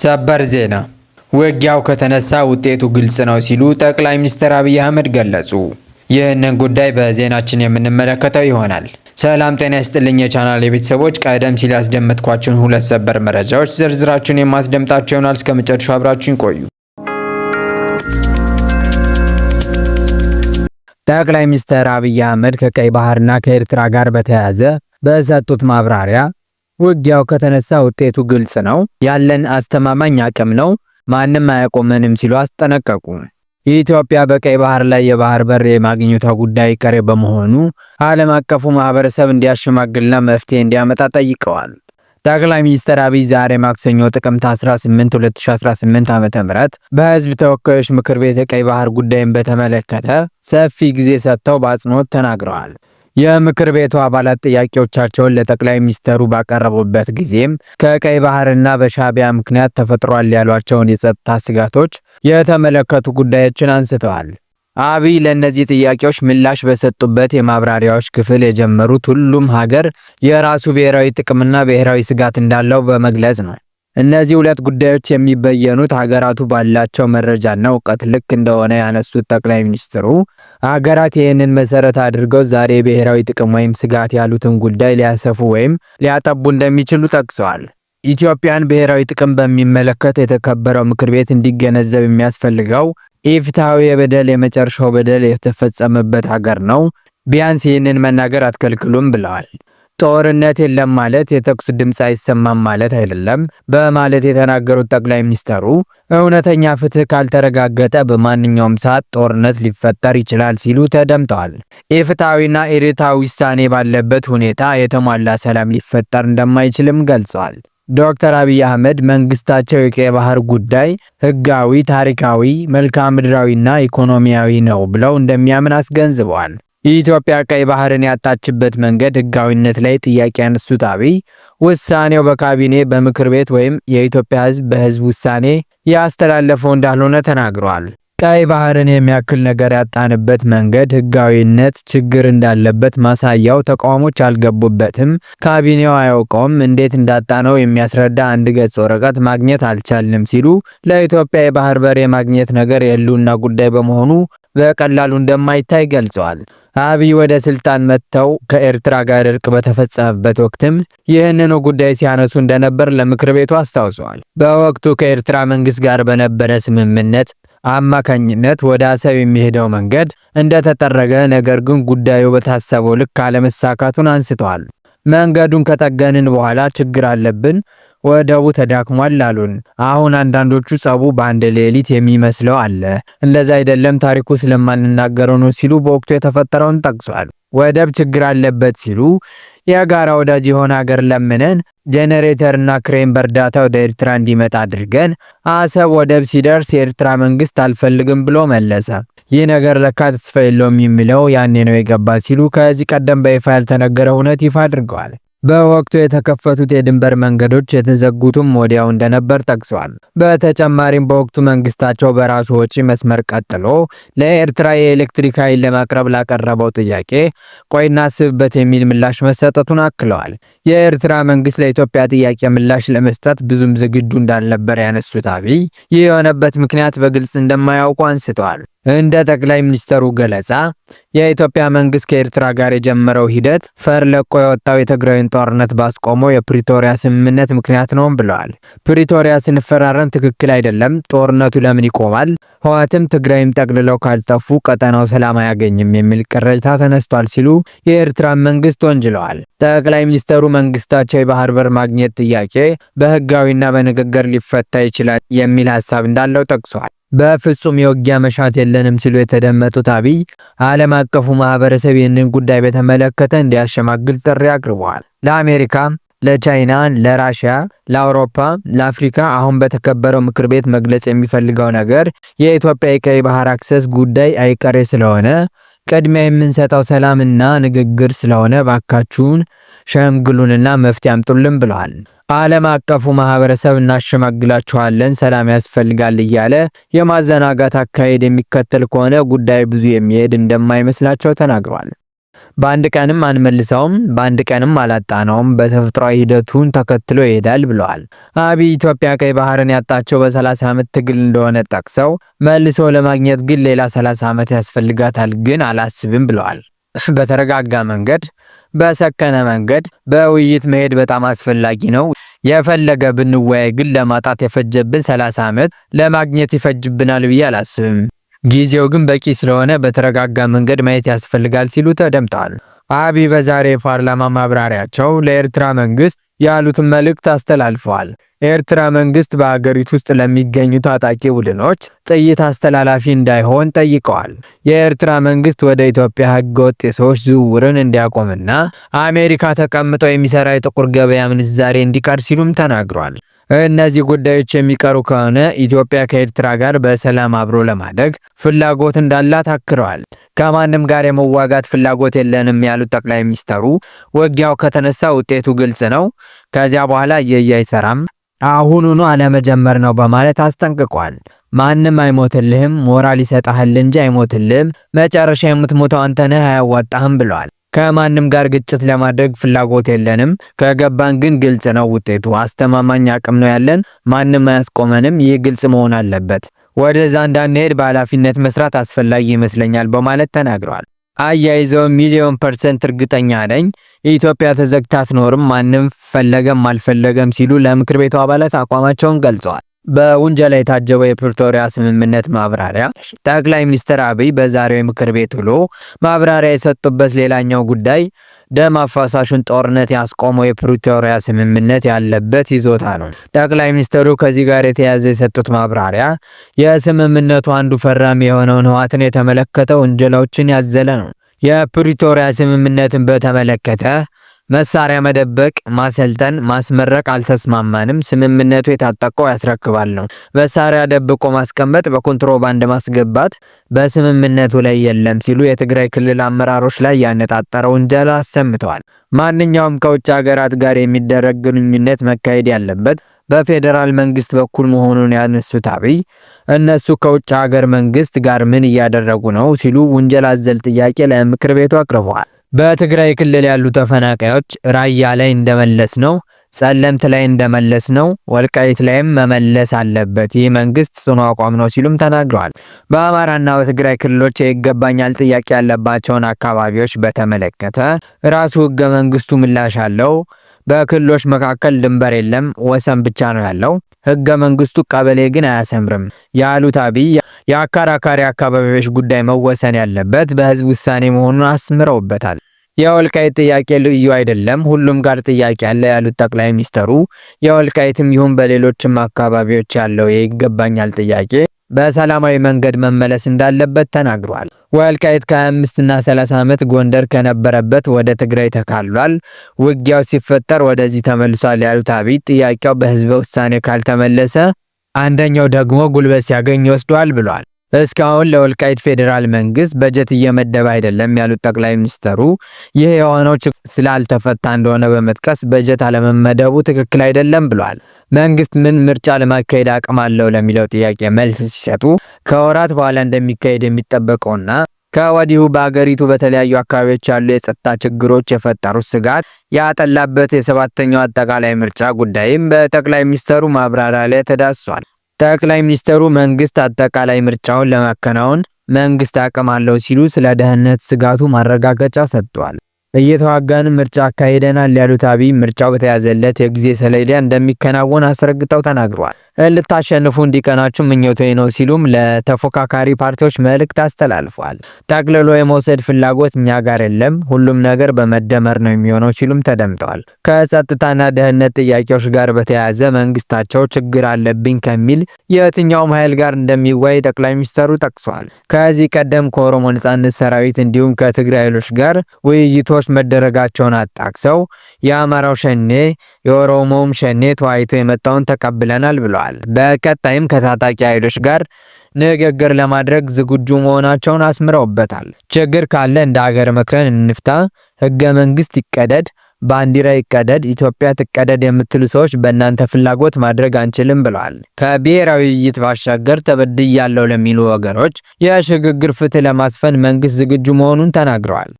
ሰበር ዜና ውጊያው ከተነሳ ውጤቱ ግልጽ ነው ሲሉ ጠቅላይ ሚኒስትር አብይ አህመድ ገለጹ። ይህንን ጉዳይ በዜናችን የምንመለከተው ይሆናል። ሰላም ጤና ይስጥልኝ የቻናል የቤተሰቦች፣ ቀደም ሲል ያስደመጥኳችሁን ሁለት ሰበር መረጃዎች ዝርዝራችሁን የማስደምጣችሁ ይሆናል። እስከ መጨረሻው አብራችሁን ቆዩ። ጠቅላይ ሚኒስትር አብይ አህመድ ከቀይ ባህርና ከኤርትራ ጋር በተያያዘ በሰጡት ማብራሪያ ውጊያው ከተነሳ ውጤቱ ግልጽ ነው፣ ያለን አስተማማኝ አቅም ነው፣ ማንም አያቆመንም ሲሉ አስጠነቀቁ። ኢትዮጵያ በቀይ ባህር ላይ የባህር በር የማግኘቷ ጉዳይ ቀሬ በመሆኑ ዓለም አቀፉ ማህበረሰብ እንዲያሸማግልና መፍትሄ እንዲያመጣ ጠይቀዋል። ጠቅላይ ሚኒስትር አብይ ዛሬ ማክሰኞ ጥቅምት 18 2018 ዓ.ም በህዝብ ተወካዮች ምክር ቤት የቀይ ባህር ጉዳይን በተመለከተ ሰፊ ጊዜ ሰጥተው በአጽንኦት ተናግረዋል። የምክር ቤቱ አባላት ጥያቄዎቻቸውን ለጠቅላይ ሚኒስትሩ ባቀረቡበት ጊዜም ከቀይ ባህርና በሻቢያ ምክንያት ተፈጥሯል ያሏቸውን የጸጥታ ስጋቶች የተመለከቱ ጉዳዮችን አንስተዋል። አብይ ለእነዚህ ጥያቄዎች ምላሽ በሰጡበት የማብራሪያዎች ክፍል የጀመሩት ሁሉም ሀገር የራሱ ብሔራዊ ጥቅምና ብሔራዊ ስጋት እንዳለው በመግለጽ ነው። እነዚህ ሁለት ጉዳዮች የሚበየኑት ሀገራቱ ባላቸው መረጃና እውቀት ልክ እንደሆነ ያነሱት ጠቅላይ ሚኒስትሩ አገራት ይህንን መሰረት አድርገው ዛሬ ብሔራዊ ጥቅም ወይም ስጋት ያሉትን ጉዳይ ሊያሰፉ ወይም ሊያጠቡ እንደሚችሉ ጠቅሰዋል። ኢትዮጵያን ብሔራዊ ጥቅም በሚመለከት የተከበረው ምክር ቤት እንዲገነዘብ የሚያስፈልገው ኢፍትሐዊ የበደል የመጨረሻው በደል የተፈጸመበት ሀገር ነው። ቢያንስ ይህንን መናገር አትከልክሉም ብለዋል። ጦርነት የለም ማለት የተኩስ ድምፅ አይሰማም ማለት አይደለም በማለት የተናገሩት ጠቅላይ ሚኒስተሩ እውነተኛ ፍትህ ካልተረጋገጠ በማንኛውም ሰዓት ጦርነት ሊፈጠር ይችላል ሲሉ ተደምጠዋል። የፍትሐዊና ኢርታዊ ውሳኔ ባለበት ሁኔታ የተሟላ ሰላም ሊፈጠር እንደማይችልም ገልጸዋል። ዶክተር አብይ አህመድ መንግስታቸው የቀይ ባህር ጉዳይ ህጋዊ፣ ታሪካዊ፣ መልክዓ ምድራዊና ኢኮኖሚያዊ ነው ብለው እንደሚያምን አስገንዝበዋል። የኢትዮጵያ ቀይ ባህርን ያጣችበት መንገድ ህጋዊነት ላይ ጥያቄ ያነሱት አብይ ውሳኔው በካቢኔ በምክር ቤት ወይም የኢትዮጵያ ህዝብ በህዝብ ውሳኔ ያስተላለፈው እንዳልሆነ ተናግረዋል። ቀይ ባህርን የሚያክል ነገር ያጣንበት መንገድ ህጋዊነት ችግር እንዳለበት ማሳያው ተቃዋሞች አልገቡበትም፣ ካቢኔው አያውቀውም፣ እንዴት እንዳጣነው የሚያስረዳ አንድ ገጽ ወረቀት ማግኘት አልቻልንም ሲሉ ለኢትዮጵያ የባህር በር የማግኘት ነገር የህልውና ጉዳይ በመሆኑ በቀላሉ እንደማይታይ ገልጸዋል። አብይ ወደ ስልጣን መጥተው ከኤርትራ ጋር እርቅ በተፈጸመበት ወቅትም ይህንኑ ጉዳይ ሲያነሱ እንደነበር ለምክር ቤቱ አስታውሰዋል። በወቅቱ ከኤርትራ መንግስት ጋር በነበረ ስምምነት አማካኝነት ወደ አሰብ የሚሄደው መንገድ እንደተጠረገ፣ ነገር ግን ጉዳዩ በታሰበው ልክ አለመሳካቱን አንስተዋል። መንገዱን ከጠገንን በኋላ ችግር አለብን ወደቡ ተዳክሟል አሉን። አሁን አንዳንዶቹ ጸቡ በአንድ ሌሊት የሚመስለው አለ፣ እንደዛ አይደለም ታሪኩ ስለማንናገረው ነው ሲሉ በወቅቱ የተፈጠረውን ጠቅሷል። ወደብ ችግር አለበት ሲሉ የጋራ ወዳጅ የሆነ ሀገር ለምነን ጄኔሬተርና ክሬን በእርዳታ ወደ ኤርትራ እንዲመጣ አድርገን አሰብ ወደብ ሲደርስ የኤርትራ መንግስት አልፈልግም ብሎ መለሰ። ይህ ነገር ለካ ተስፋ የለውም የሚለው ያኔ ነው የገባ ሲሉ ከዚህ ቀደም በይፋ ያልተነገረ እውነት ይፋ አድርገዋል። በወቅቱ የተከፈቱት የድንበር መንገዶች የተዘጉትም ወዲያው እንደነበር ጠቅሷል። በተጨማሪም በወቅቱ መንግስታቸው በራሱ ወጪ መስመር ቀጥሎ ለኤርትራ የኤሌክትሪክ ኃይል ለማቅረብ ላቀረበው ጥያቄ ቆይና ስብበት የሚል ምላሽ መሰጠቱን አክለዋል። የኤርትራ መንግስት ለኢትዮጵያ ጥያቄ ምላሽ ለመስጠት ብዙም ዝግጁ እንዳልነበር ያነሱት አብይ ይህ የሆነበት ምክንያት በግልጽ እንደማያውቁ አንስተዋል። እንደ ጠቅላይ ሚኒስትሩ ገለጻ የኢትዮጵያ መንግስት ከኤርትራ ጋር የጀመረው ሂደት ፈር ለቆ የወጣው የትግራይን ጦርነት ባስቆመው የፕሪቶሪያ ስምምነት ምክንያት ነውም ብለዋል። ፕሪቶሪያ ስንፈራረም ትክክል አይደለም፣ ጦርነቱ ለምን ይቆማል? ህወሓትም ትግራይም ጠቅልለው ካልጠፉ ቀጠናው ሰላም አያገኝም የሚል ቅሬታ ተነስቷል ሲሉ የኤርትራን መንግስት ወንጅለዋል። ጠቅላይ ሚኒስትሩ መንግስታቸው የባህር በር ማግኘት ጥያቄ በህጋዊና በንግግር ሊፈታ ይችላል የሚል ሀሳብ እንዳለው ጠቅሰዋል። በፍጹም የውጊያ መሻት የለንም ሲሉ የተደመጡት አብይ ዓለም አቀፉ ማህበረሰብ ይህንን ጉዳይ በተመለከተ እንዲያሸማግል ጥሪ አቅርበዋል። ለአሜሪካ፣ ለቻይና፣ ለራሽያ፣ ለአውሮፓ፣ ለአፍሪካ አሁን በተከበረው ምክር ቤት መግለጽ የሚፈልገው ነገር የኢትዮጵያ የቀይ ባህር አክሰስ ጉዳይ አይቀሬ ስለሆነ ቅድሚያ የምንሰጠው ሰላምና ንግግር ስለሆነ ባካችሁን ሸምግሉንና መፍትሄ አምጡልን ብለዋል። ዓለም አቀፉ ማህበረሰብ እናሸማግላችኋለን፣ ሰላም ያስፈልጋል እያለ የማዘናጋት አካሄድ የሚከተል ከሆነ ጉዳይ ብዙ የሚሄድ እንደማይመስላቸው ተናግሯል። በአንድ ቀንም አንመልሰውም፣ በአንድ ቀንም አላጣነውም፣ በተፈጥሯዊ ሂደቱን ተከትሎ ይሄዳል ብለዋል። አብይ ኢትዮጵያ ቀይ ባህርን ያጣቸው በ30 ዓመት ትግል እንደሆነ ጠቅሰው መልሶ ለማግኘት ግን ሌላ 30 ዓመት ያስፈልጋታል ግን አላስብም ብለዋል። በተረጋጋ መንገድ፣ በሰከነ መንገድ፣ በውይይት መሄድ በጣም አስፈላጊ ነው። የፈለገ ብንወያይ ግን ለማጣት የፈጀብን 30 ዓመት ለማግኘት ይፈጅብናል ብዬ አላስብም። ጊዜው ግን በቂ ስለሆነ በተረጋጋ መንገድ ማየት ያስፈልጋል ሲሉ ተደምጠዋል። አቢ በዛሬ የፓርላማ ማብራሪያቸው ለኤርትራ መንግስት ያሉትን መልእክት አስተላልፈዋል። የኤርትራ መንግስት በሀገሪቱ ውስጥ ለሚገኙ ታጣቂ ቡድኖች ጥይት አስተላላፊ እንዳይሆን ጠይቀዋል። የኤርትራ መንግስት ወደ ኢትዮጵያ ህገወጥ የሰዎች ዝውውርን እንዲያቆምና አሜሪካ ተቀምጠው የሚሰራ የጥቁር ገበያ ምንዛሬ እንዲቀር ሲሉም ተናግሯል። እነዚህ ጉዳዮች የሚቀሩ ከሆነ ኢትዮጵያ ከኤርትራ ጋር በሰላም አብሮ ለማደግ ፍላጎት እንዳላት አክረዋል። ከማንም ጋር የመዋጋት ፍላጎት የለንም ያሉት ጠቅላይ ሚኒስተሩ ውጊያው ከተነሳ ውጤቱ ግልጽ ነው፣ ከዚያ በኋላ እየየ አይሰራም፣ አሁኑኑ አለመጀመር ነው በማለት አስጠንቅቋል። ማንም አይሞትልህም፣ ሞራል ይሰጣሃል እንጂ አይሞትልህም። መጨረሻ የምትሞተው አንተ ነህ፣ አያዋጣህም ብለዋል። ከማንም ጋር ግጭት ለማድረግ ፍላጎት የለንም። ከገባን ግን ግልጽ ነው ውጤቱ። አስተማማኝ አቅም ነው ያለን። ማንም አያስቆመንም። ይህ ግልጽ መሆን አለበት። ወደዛ እንዳንሄድ በኃላፊነት መስራት አስፈላጊ ይመስለኛል በማለት ተናግረዋል። አያይዘው ሚሊዮን ፐርሰንት እርግጠኛ ነኝ የኢትዮጵያ ተዘግታ አትኖርም ማንም ፈለገም አልፈለገም ሲሉ ለምክር ቤቱ አባላት አቋማቸውን ገልጸዋል። በውንጀላ የታጀበው የፕሪቶሪያ ስምምነት ማብራሪያ ጠቅላይ ሚኒስትር አብይ በዛሬው የምክር ቤት ውሎ ማብራሪያ የሰጡበት ሌላኛው ጉዳይ ደም አፋሳሹን ጦርነት ያስቆመው የፕሪቶሪያ ስምምነት ያለበት ይዞታ ነው። ጠቅላይ ሚኒስትሩ ከዚህ ጋር የተያያዘ የሰጡት ማብራሪያ የስምምነቱ አንዱ ፈራሚ የሆነውን ህወሓትን የተመለከተ ውንጀላዎችን ያዘለ ነው። የፕሪቶሪያ ስምምነትን በተመለከተ መሳሪያ መደበቅ፣ ማሰልጠን፣ ማስመረቅ አልተስማማንም። ስምምነቱ የታጠቀው ያስረክባል ነው። መሳሪያ ደብቆ ማስቀመጥ፣ በኮንትሮባንድ ማስገባት በስምምነቱ ላይ የለም ሲሉ የትግራይ ክልል አመራሮች ላይ ያነጣጠረ ውንጀላ አሰምተዋል። ማንኛውም ከውጭ ሀገራት ጋር የሚደረግ ግንኙነት መካሄድ ያለበት በፌዴራል መንግስት በኩል መሆኑን ያነሱት አብይ እነሱ ከውጭ ሀገር መንግስት ጋር ምን እያደረጉ ነው ሲሉ ውንጀላ አዘል ጥያቄ ለምክር ቤቱ አቅርበዋል። በትግራይ ክልል ያሉ ተፈናቃዮች ራያ ላይ እንደመለስ ነው፣ ጸለምት ላይ እንደመለስ ነው፣ ወልቃይት ላይም መመለስ አለበት፣ ይህ መንግስት ጽኑ አቋም ነው ሲሉም ተናግረዋል። በአማራና በትግራይ ክልሎች የይገባኛል ጥያቄ ያለባቸውን አካባቢዎች በተመለከተ ራሱ ህገ መንግስቱ ምላሽ አለው። በክልሎች መካከል ድንበር የለም፣ ወሰን ብቻ ነው ያለው። ህገ መንግስቱ ቀበሌ ግን አያሰምርም ያሉት አብይ የአከራካሪ አካባቢዎች ጉዳይ መወሰን ያለበት በህዝብ ውሳኔ መሆኑን አስምረውበታል። የወልቃይት ጥያቄ ልዩ አይደለም፣ ሁሉም ጋር ጥያቄ አለ ያሉት ጠቅላይ ሚኒስትሩ የወልቃይትም ይሁን በሌሎችም አካባቢዎች ያለው የይገባኛል ጥያቄ በሰላማዊ መንገድ መመለስ እንዳለበት ተናግሯል። ወልቃይት ከ25 እና 30 ዓመት ጎንደር ከነበረበት ወደ ትግራይ ተካሏል፣ ውጊያው ሲፈጠር ወደዚህ ተመልሷል ያሉት አብይ ጥያቄው በህዝበ ውሳኔ ካልተመለሰ አንደኛው ደግሞ ጉልበት ሲያገኝ ይወስደዋል ብሏል። እስካሁን ለወልቃይት ፌዴራል መንግስት በጀት እየመደበ አይደለም ያሉት ጠቅላይ ሚኒስትሩ ይህ የሆነው ስላልተፈታ እንደሆነ በመጥቀስ በጀት አለመመደቡ ትክክል አይደለም ብሏል። መንግስት ምን ምርጫ ለማካሄድ አቅም አለው ለሚለው ጥያቄ መልስ ሲሰጡ ከወራት በኋላ እንደሚካሄድ የሚጠበቀውና ከወዲሁ በአገሪቱ በተለያዩ አካባቢዎች ያሉ የጸጥታ ችግሮች የፈጠሩት ስጋት ያጠላበት የሰባተኛው አጠቃላይ ምርጫ ጉዳይም በጠቅላይ ሚኒስተሩ ማብራሪያ ላይ ተዳስሷል። ጠቅላይ ሚኒስተሩ መንግስት አጠቃላይ ምርጫውን ለማከናወን መንግስት አቅም አለው ሲሉ ስለ ደህንነት ስጋቱ ማረጋገጫ ሰጥቷል። እየተዋጋን ምርጫ አካሄደናል ያሉት አብይ ምርጫው በተያዘለት የጊዜ ሰሌዳ እንደሚከናወን አስረግጠው ተናግሯል። ልታሸንፉ እንዲቀናችሁ ምኞቴ ነው ሲሉም ለተፎካካሪ ፓርቲዎች መልእክት አስተላልፏል። ጠቅልሎ የመውሰድ ፍላጎት እኛ ጋር የለም፣ ሁሉም ነገር በመደመር ነው የሚሆነው ሲሉም ተደምጠዋል። ከጸጥታና ደህንነት ጥያቄዎች ጋር በተያያዘ መንግስታቸው ችግር አለብኝ ከሚል የትኛውም ኃይል ጋር እንደሚወያይ ጠቅላይ ሚኒስተሩ ጠቅሰዋል። ከዚህ ቀደም ከኦሮሞ ነጻነት ሰራዊት እንዲሁም ከትግራይ ኃይሎች ጋር ውይይቶች መደረጋቸውን አጣቅሰው የአማራው ሸኔ የኦሮሞውም ሸኔ ተዋይቶ የመጣውን ተቀብለናል ብሏል። ተናግረዋል። በቀጣይም ከታጣቂ ኃይሎች ጋር ንግግር ለማድረግ ዝግጁ መሆናቸውን አስምረውበታል። ችግር ካለ እንደ ሀገር መክረን እንፍታ፣ ህገ መንግስት ይቀደድ፣ ባንዲራ ይቀደድ፣ ኢትዮጵያ ትቀደድ የምትሉ ሰዎች በእናንተ ፍላጎት ማድረግ አንችልም ብለዋል። ከብሔራዊ ውይይት ባሻገር ተበድያለሁ ለሚሉ ወገኖች የሽግግር ፍትህ ለማስፈን መንግስት ዝግጁ መሆኑን ተናግረዋል።